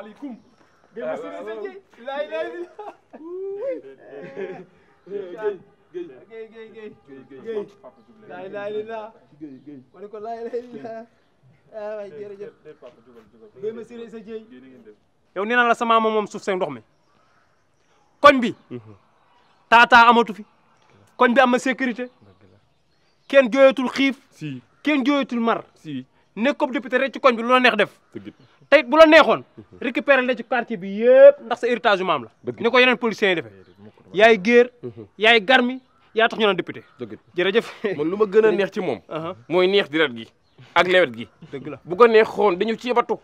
asalaamaaleykum. waaw waaw waaw Guèye Massiré sa Dieng. yow nee naa la sama moom moom suuf seen ndox mi koñ bi. Mhm. taataa amatu fi. koñ bi am na sécurité. kenn jooyatul xiif. si kenn jooyatul mar. si. nekk comme député ci koñ bi lu la neex def tey bu la neexoon récupérer la ci quartier bi yëpp ndax sa héritage maam la ni ko yeneen policiers yi defee yaay géer mhm. yaay garmi yaa tax ñu naan député jërëjëf man lu ma gën a neex ci moom uh-huh. mooy neex di dirat gi ak lewet gi dëgg la bu ko neexoon dañu ci battu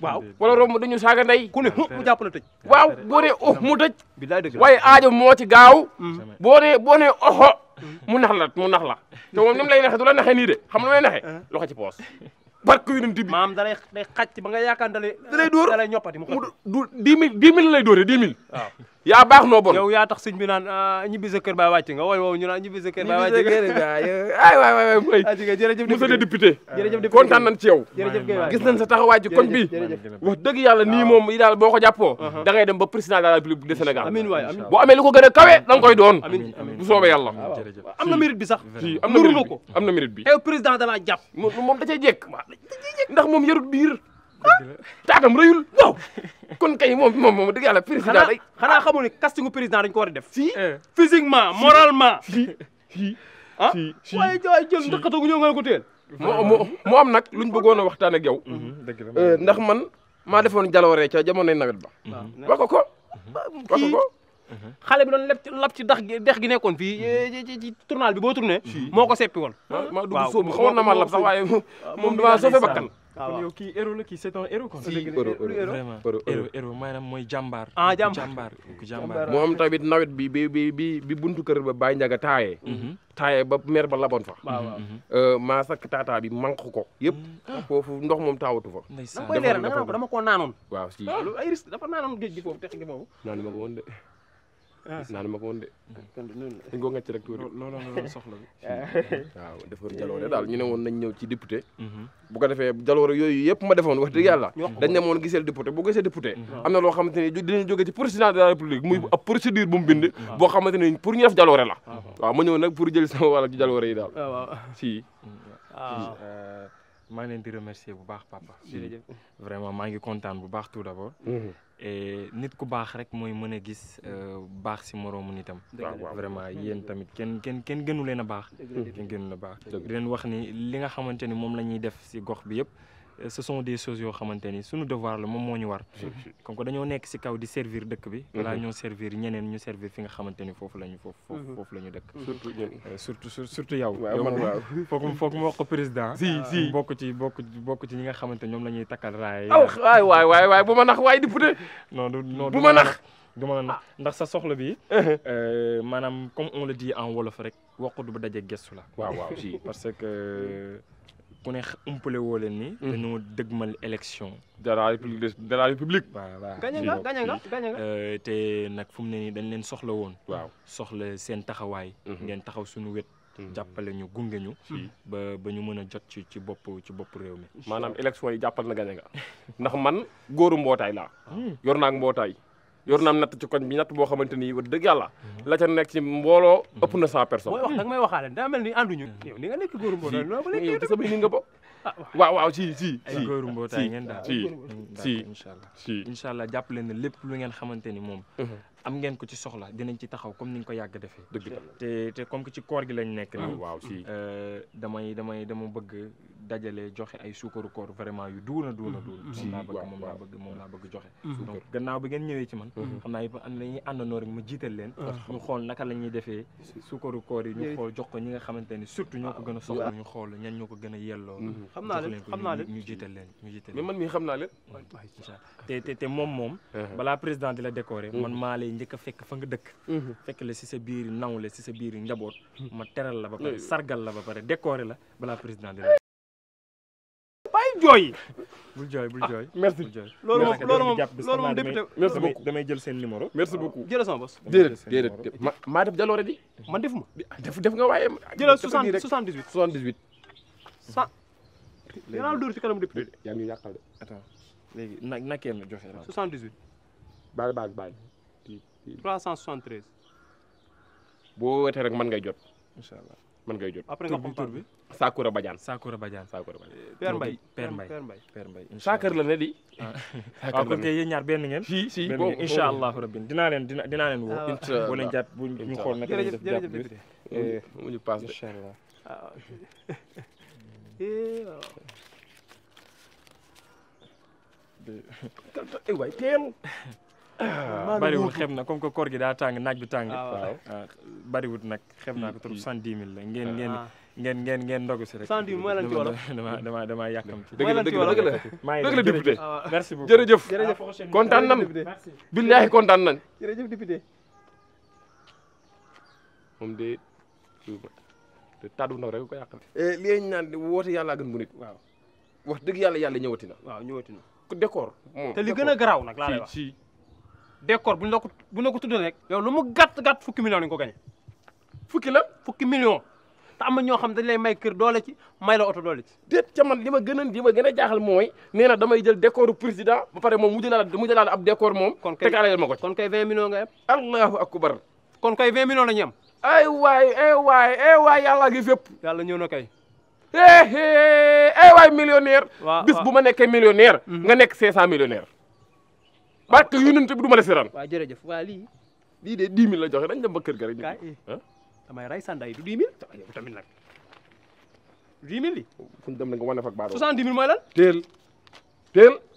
waaw wala romb dañu saaga ndey ku ne mu jàpp la tëj waaw boo nee oh mu tëj waaye aajo moo ci gaaw mm-hmm. boo nee boo nee oxo mu nax la mu nax la te moom ni lay naxe du la naxe nii de xam lu may naxe uh-huh. loxo ci poos barke yonent bi maam da lay xaj ba nga yaakaar da lay. da lay dóor da yaa baax noo bon yow yaa tax sëñ bi naan ah, ñibbi sa kër ba wàcc nga wooy woow ñu naan ñibbi sa kër ba wàcc nga waay waay waay jërëjëf monsieur le député kontaan nañ ci yow gis nañ sa taxawaay ci koñ bi wax dëgg yàlla nii moom yi daal boo ko jàppoo da ngay dem ba président de la république de Sénégal amiin waay amiin boo amee ko gën a kawe da nga koy doon bu soobee yàlla am na mérite bi sax am am na mérite bi yow président da laa jàpp moom da cay jekk moom yarut biir ah, taatam rëyul waaw kon kay moom moom moom dëgg yàlla président day xanaa xamul ni castingu président dañ ko war a def si eh, physiquement moralement si ah waaye waaye jël ndaqatagu ñëw nga ko téel moo moo am nag luñ bëggoon a waxtaan ak yow mhm, eh, ndax man maa defoon jalooree ca jamonoy nawet ba ah, mhm. wax ko ko mhm. wax ko ko xale bi doon lépp ci lap ci dax gi dex gi nekkoon fii eh, ci ci tournal bi boo tourné moo ko seppi woon maa dugg sóobu xawoon na ma lap sax waaye ah, moom damaa soofe bakkan kon kii héros la si vraiment héros héros maanaam mooy jàmbaar. ah jàmbaar jàmbaar moom tamit nawet bi bi bi bi bi buntu kër ba Baye Ndiaga taayee. Mm-hmm. taayee ba mer ba laboon fa. waaw mm-hmm. euh, maa sakk taataa bi manqué ko. yëpp mm-hmm. ah. foofu ndox moom taawatu fa. ndeysaan dama ko naanoon. waaw si loolu ah, ay risque dafa naanoon de. Ah. naan ma ko woon de. Ah, kon noonu la dañ ko ngàcc rek tuuti. looloo looloo soxla bi. Ah. waaw defar jaloore daal ñu ne woon nañ ñëw ci député. Mm-hmm. bu ko defee jaloore yooyu yëpp ma defoon wax dëgg yàlla. dañ ne moon giseel député bu gisee député. Mm-hmm. am na loo xamante ne dinañ jóge ci président de la république muy mm-hmm. ab procédure bu mu bind. boo xamante ne pour ñu def jaloore la. waaw ma ñëw nag pour jël sama wàll ci jaloore yi daal. waaw si. Euh, maa ngi leen di remercier bu baax papa. vraiment maa ngi kontaan bu baax tout d'abord. et eh, nit ku baax rek mooy mën a gis eh, baax si moroomu nitam. vraiment yéen tamit kenn kenn kenn gënu leen a baax. kenn gënu a baax. di wax ni li nga xamante ni moom la ñuy def si gox bi yëpp. Euh, ce sont des choses yoo xamante ni suñu devoir la moom moo ñu war comme que dañoo nekk si kaw di servir dëkk bi mhm. balaa ñoo servir ñeneen ñu servir fi nga xamante ni foofu la ñu foofu foofu mhm. la ñu dëkk surtout euh, surtout yow fooku fooku ma wax ko président ah, si bokk ci bokk bokk ci ñi nga xamante ñoom la ñuy takkal raay aw waay waay waay waay bu ma nax waay di pute non non bu ma nax du ma nax ndax sa soxla bi euh, maanaam comme on le dit en wolof rek waqut bu dajee gestu la waaw waaw parce que ku ne umpale woo leen ni. Mm-hmm. dañoo dëgmal élection. de la république de la république. Mm-hmm. Euh, te nag fu mu ne nii dañ leen soxla woon. waaw soxla seen taxawaay. Mm-hmm. ngeen taxaw suñu wet. jàppale ñu gunge ñu. ba ba ñu mën a jot ci ci bopp ci bopp réew mi. maanaam élection yi jàppal na gañe ndax man góoru mbootaay laa. Mm. yor naa ak mbootaay. yor naam natt ci koñ bi natt boo xamante ni wax dëgg yàlla la ca nekk ci mbooloo ëpp na cent personnes mooy wax nag may waxaale daa mel ni ànduñu hmm. yow ni nga nekk góoru mbootaay loolu sa bay ni nga bo ah, waaw waaw si si si góoru mbootaay ngeen daal si si si incha allah jàpp leen ne lépp lu ngeen xamante ni moom hmm. am ngeen ko ci soxla dinañ ci taxaw comme ni ñu ko yàgg defee. dëgg la te te comme que ci koor gi lañ ah, euh, joxe ay suukaru koor vraiment yu duuna duuna duuna. si waaw moom moom laa bëgg joxe. donc gannaaw bi ngeen ñëwee ci man. Mhm. xam naa yëpp am na ñuy àndandoo rek ma jiital leen. Ah. ñu xool naka la ñuy defee suukaru jox ko ñi nga xamante ne surtout ñoo ko gën a soxla. Ah. ñu xool ñan ñoo ko gën a yelloo. Mhm. xam naa leen xam naa leen ñu jiital leen leen. mais man mii xam naa leen. te te te moom moom. Uh-huh. balaa président di la décorer man mhm. maa lay njëkk a fa nga dëkk mhm. fekk si sa biir nawle si sa biir njaboot mhm. ma teral la ba la ba pare de la jooy bul jooy bul ah, jooy merci loolu moom loolu moom loolu moom député merci beaucoup damay jël seen numéro merci ah. beaucoup jëlal sama bos déedéet déedéet maa def jaloore di man defuma ah, def def nga waaye jëlal soixante dix huit soixante dix huit cent dinaa la dóor na na kenn joxe soixante dix huit baal 373. boo wootee rek mën ngay jot. mën ngay jot. après nga bi Sakura Badiane. Sakura Badiane Sakura Badiane. Eh, Père mbay Père Mbaye Père Mbaye. Sakar la ne di. Ah. Sakar la ne di si si boobu incha rabbi dinaa leen dina dinaa leen woo. incha allah boo leen jàpp bu ñu xool naka lañ def jàpp bi. Eh, mu ñu paas de incha allah. Ah, eh, waay teel. bariwul xeeb na comme que koor gi daa tàng naaj bi tàng. Ah, waaw ah, bariwul nag xeeb naa ko trop mm-hmm. cent dix mille la ngeen ngeen. Ah. ngeen ngeen ngeen ndogu si rek. cent dix mooy lan ci wolof dama dama dama yàkkam la dëgg la dëgg la dëgg la député. merci beaucoup jërëjëf jërëjëf kontaan nan billaahi kontaan nan jërëjëf député. moom de taat bu rek ko yàqal. Eh, li ñu naan woote yàlla gën bu waaw wax dëgg yàlla yàlla ñëwati na. waaw gën a garaaw nag laa lay wax décor buñ la ko buñ la ko tuddee rek. yow lu mu gàtt gàtt fukki million lañ ko gañe fukki la fukki million te am na ñoo xam dañ lay may kër doole ci may la oto doole ci. déet ca man li ma gën a li ma gën a jaaxal mooy nee na damay jël décoru président ba pare moom mu jëlaat mu jëlaat ab décor moom. kon kay tegaleel ma ko kon kay nga yem. allahu akbar. kon kay 20 millions la ñu am. ay waay ay waay ay waay yàlla ngi fépp. yàlla ñëw na kay. eh eh ay waay millionnaire. bis bu ma nekkee millionnaire. Mhm. nga nekk 500 millionnaire. barke yonent bi du ma la seeraan. waaw jërëjëf waa lii. de 10 000 la joxe dañ dem ba kër ga rek. kaay eh. damay rey sandaay du 10 000. yow tamit nag 10 000 li. fu ñu na nga wane fa ak baaraam. 70 000 mooy lan. teel teel.